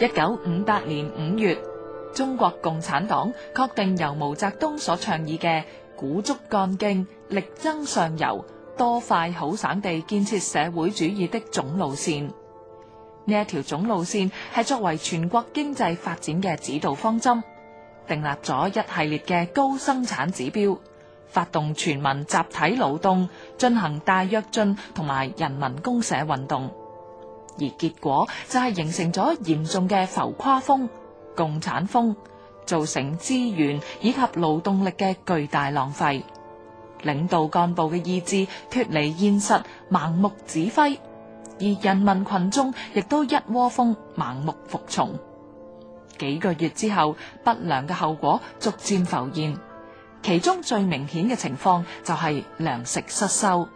一九五八年五月，中國共產黨確定由毛澤東所倡議嘅“鼓足幹勁，力爭上游，多快好省地建設社會主義”的總路線。呢一條總路線係作為全國經濟發展嘅指導方針，訂立咗一系列嘅高生產指標，發動全民集體勞動，進行大躍進同埋人民公社運動。而結果就係形成咗嚴重嘅浮誇風、共產風，造成資源以及勞動力嘅巨大浪費，領導幹部嘅意志脱離現實，盲目指揮，而人民群眾亦都一窩蜂盲目服從。幾個月之後，不良嘅後果逐漸浮現，其中最明顯嘅情況就係糧食失收。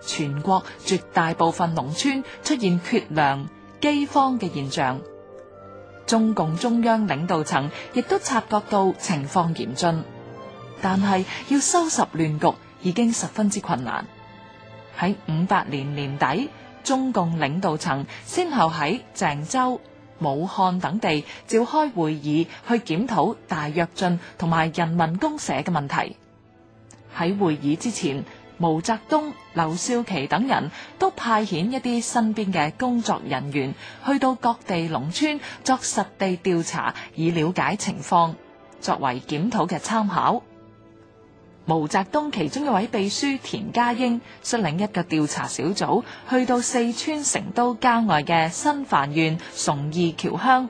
全國絕大部分農村出現缺糧、饑荒嘅現象，中共中央領導層亦都察覺到情況嚴峻，但係要收拾亂局已經十分之困難。喺五八年年底，中共領導層先後喺鄭州、武漢等地召開會議，去檢討大躍進同埋人民公社嘅問題。喺會議之前，毛澤東、劉少奇等人，都派遣一啲身邊嘅工作人員去到各地農村作實地調查，以了解情況，作為檢討嘅參考。毛澤東其中一位秘書田家英率領一個調查小組，去到四川成都郊外嘅新繁縣崇義橋鄉，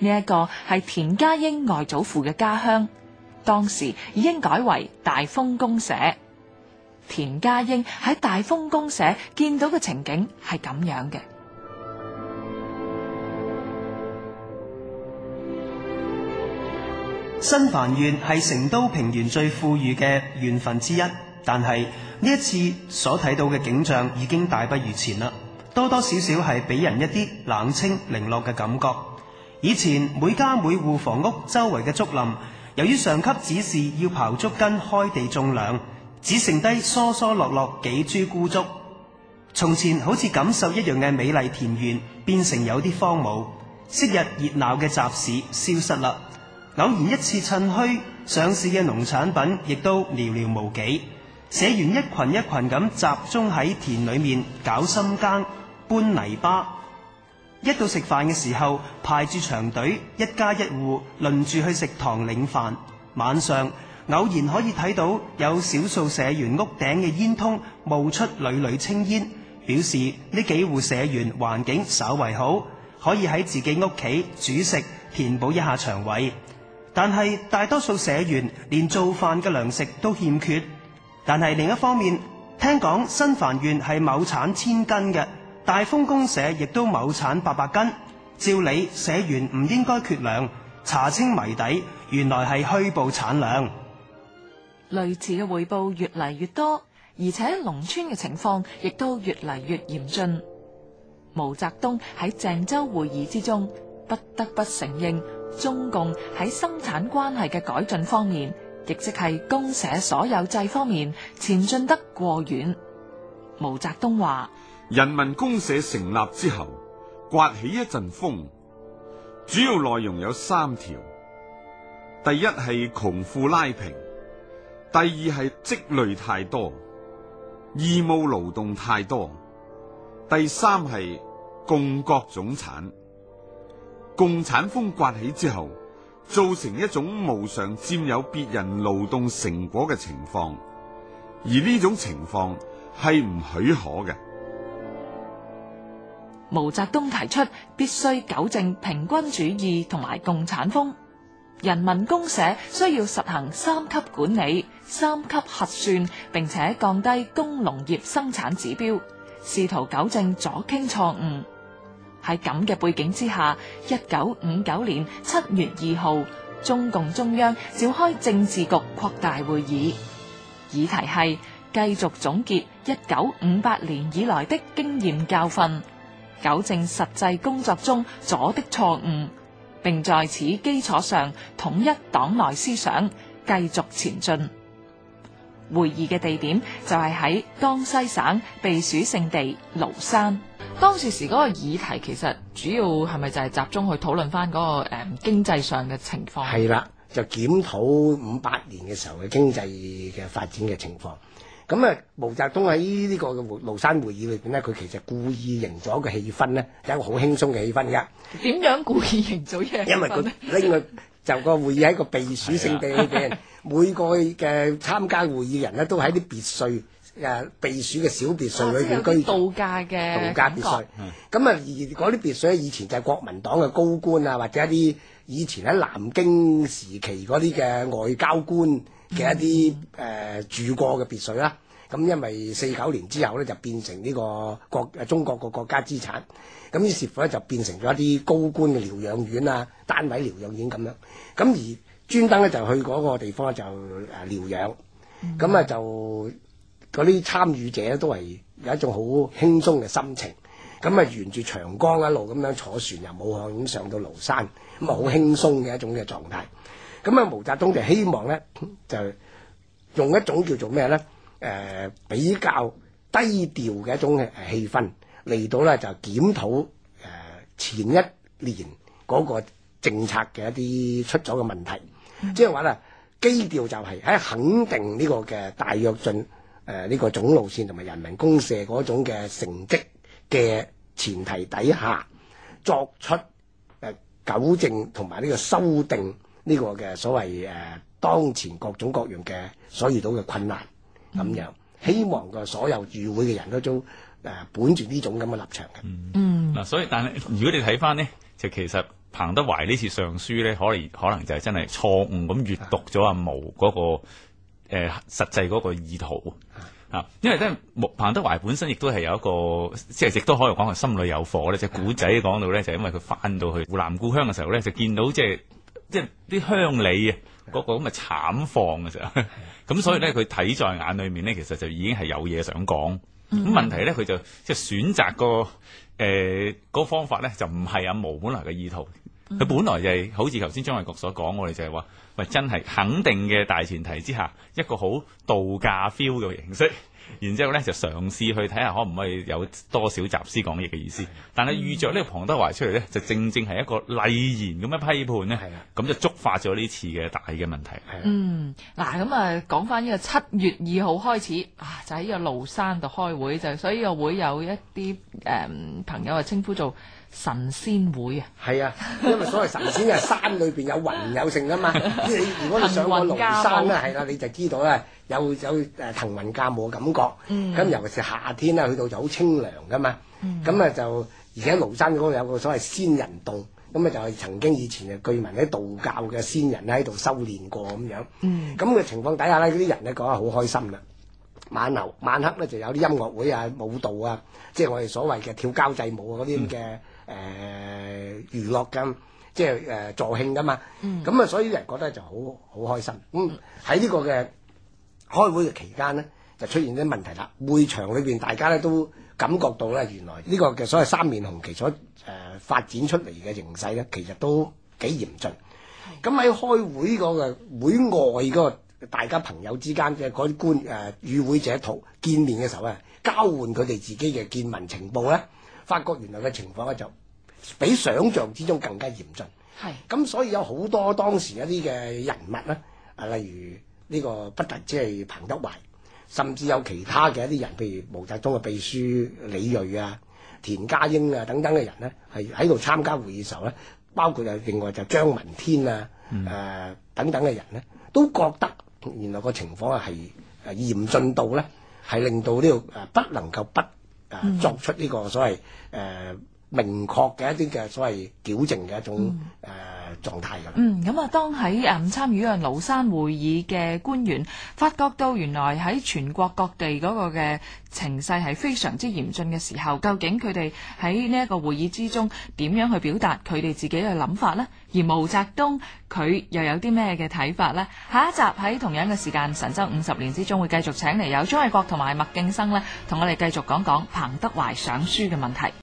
呢一個係田家英外祖父嘅家鄉，當時已經改為大豐公社。田家英喺大豐公社見到嘅情景係咁樣嘅。新繁縣係成都平原最富裕嘅縣份之一，但係呢一次所睇到嘅景象已經大不如前啦，多多少少係俾人一啲冷清零落嘅感覺。以前每家每戶房屋周圍嘅竹林，由於上級指示要刨竹根開地種糧。只剩低疏疏落落幾株孤竹，從前好似錦繡一樣嘅美麗田園變成有啲荒蕪，昔日熱鬧嘅集市消失啦。偶然一次趁墟上市嘅農產品亦都寥寥無幾，社員一群一群咁集中喺田裏面搞深耕、搬泥巴，一到食飯嘅時候，排住長隊，一家一戶輪住去食堂領飯，晚上，偶然可以睇到有少數社員屋頂嘅煙囪冒出縷縷青煙，表示呢幾戶社員環境稍為好，可以喺自己屋企煮食，填補一下腸胃。但係大多數社員連做飯嘅糧食都欠缺。但係另一方面，聽講新繁縣係畝產千斤嘅，大豐公社亦都畝產八百斤。照理社員唔應該缺糧，查清謎底，原來係虛報產量。類似嘅匯報越嚟越多，而且農村嘅情況亦都越嚟越嚴峻。毛澤東喺鄭州會議之中，不得不承認中共喺生產關係嘅改進方面，亦即係公社所有制方面前進得過遠。毛澤東話：人民公社成立之後，刮起一陣風，主要內容有三條，第一係窮富拉平。第二係積累太多，義務勞動太多；第三係共國總產，共產風刮起之後，造成一種無償佔有別人勞動成果嘅情況，而呢種情況係唔許可嘅。毛澤東提出必須糾正平均主義同埋共產風，人民公社需要實行三級管理，三級核算，並且降低工農業生產指標，試圖糾正左傾錯誤。喺咁嘅背景之下，一九五九年七月二號，中共中央召開政治局擴大會議，議題係繼續總結一九五八年以來的經驗教訓，糾正實際工作中左的錯誤，並在此基礎上統一黨內思想，繼續前進。會議嘅地點就係喺江西省避暑勝地廬山。當時時嗰個議題其實主要係咪就係集中去討論翻嗰個誒、嗯、經濟上嘅情況？係啦，就檢討五八年嘅時候嘅經濟嘅發展嘅情況。咁啊，毛澤東喺呢個嘅廬山會議裏邊呢，佢其實故意營造一個氣氛呢，有一個好輕鬆嘅氣氛噶。點樣故意營造嘅？因為佢拎個。就個會議喺個避暑勝地裏邊，是啊、每個嘅參加會議人呢都喺啲別墅，誒避暑嘅小別墅裏邊居住度假嘅度假別墅。咁啊、嗯，嗯、而嗰啲別墅以前就係國民黨嘅高官啊，或者一啲以前喺南京時期嗰啲嘅外交官嘅一啲誒、嗯呃、住過嘅別墅啦、啊。咁因為四九年之後咧，就變成呢個國誒中國個國家資產，咁於是乎咧就變成咗一啲高官嘅療養院啊，單位療養院咁樣，咁而專登咧就去嗰個地方就誒療養，咁啊、嗯、就嗰啲參與者都係有一種好輕鬆嘅心情。咁啊沿住長江一路咁樣坐船由武漢咁上到廬山，咁啊好輕鬆嘅一種嘅狀態，咁啊毛澤東就希望咧就用一種叫做咩咧？誒、呃、比較低調嘅一種氣氛嚟到咧，就檢討誒前一年嗰個政策嘅一啲出咗嘅問題，即係話咧，基調就係喺肯定呢個嘅大躍進誒呢個總路線同埋人民公社嗰種嘅成績嘅前提底下，作出誒糾、呃、正同埋呢個修訂呢個嘅所謂誒、呃、當前各種各樣嘅所遇到嘅困難。咁樣，希望個所有與會嘅人都都誒，本住呢種咁嘅立場嘅。嗯，嗱、嗯，嗯、所以但係如果你睇翻呢，就其實彭德懷呢次上書呢，可能可能就係真係錯誤咁閱讀咗阿毛嗰、嗰個誒、啊呃、實際嗰個意圖啊，因為咧、啊、彭德懷本身亦都係有一個即係亦都可以講係心裏有火咧，即係古仔講到咧，就，是呢啊、就因為佢翻到去湖南故鄉嘅時候咧，就見到即係。就是即係啲鄉里啊，嗰個咁嘅慘況嘅時候，咁所以咧，佢睇在眼裏面咧，其實就已經係有嘢想講。咁問題咧，佢就即係選擇個誒、呃嗰個方法咧，就唔係阿毛本來嘅意圖。佢、嗯、本來就係、是、好似頭先張衛國所講，我哋就係、是、話，喂，真係肯定嘅大前提之下，一個好度假 feel 嘅形式，然之後咧就嘗試去睇下可唔可以有多少集思講嘢嘅意思。的但係遇着呢個彭德懷出嚟咧，就正正係一個厲言咁嘅批判咧，咁的就觸發咗呢次嘅大嘅問題。的的嗯，嗱，咁啊，講翻呢個七月二號開始，啊，就喺呢個廬山度開會，就所以又會有一啲誒、嗯、朋友啊，稱呼做。神仙會啊！係啊，因為所謂神仙啊， 山裏邊有雲有性噶嘛。你 如果你上個廬山咧，係啦、 啊、你就知道啦、啊，有有誒騰雲駕霧嘅感覺。咁、嗯、尤其是夏天咧，去到就好清涼噶嘛。咁啊、嗯、就而且廬山嗰度有個所謂仙人洞，咁啊、嗯、就係曾經以前嘅居民喺道教嘅仙人咧喺度修煉過咁樣。咁嘅、嗯、情況底下咧，嗰啲人咧覺得好開心啦。晚後晚黑咧就有啲音樂會啊、舞蹈啊，即係我哋所謂嘅跳交際舞啊嗰啲咁嘅。嗯嗯誒、呃、娛樂㗎，即係誒助興㗎嘛。咁啊、嗯嗯，所以人覺得就好好開心。咁喺呢個嘅開會嘅期間呢，就出現啲問題啦。會場裏邊大家咧都感覺到咧，原來呢個嘅所謂三面紅旗所誒、呃、發展出嚟嘅形勢咧，其實都幾嚴峻。咁喺、嗯、開會嗰個會外嗰個大家朋友之間嘅嗰啲官誒與會者同見面嘅時候咧，交換佢哋自己嘅見聞情報咧。發覺原來嘅情況咧就比想象之中更加嚴峻，係咁的，所以有好多當時一啲嘅人物咧，啊，例如呢個不單止係彭德懷，甚至有其他嘅一啲人，譬如毛澤東嘅秘書李銳啊、田家英啊等等嘅人咧，係喺度參加會議嘅時候咧，包括啊另外就張聞天啊、誒、嗯啊、等等嘅人咧，都覺得原來個情況啊係誒嚴峻到咧係令到呢個誒不能夠不。啊！作出呢個所謂誒、呃、明確嘅一啲嘅所謂矯正嘅一種誒。呃狀態噶嗯，咁、嗯、啊，嗯嗯嗯嗯嗯嗯，當喺啊參與啊廬山會議嘅官員發覺到原來喺全國各地嗰個嘅情勢係非常之嚴峻嘅時候，究竟佢哋喺呢一個會議之中點樣去表達佢哋自己嘅諗法呢？而毛澤東佢又有啲咩嘅睇法呢？下一集喺同樣嘅時間《神州五十年》之中會繼續請嚟有張偉國同埋麥敬生咧，同我哋繼續講講彭德懷上書嘅問題。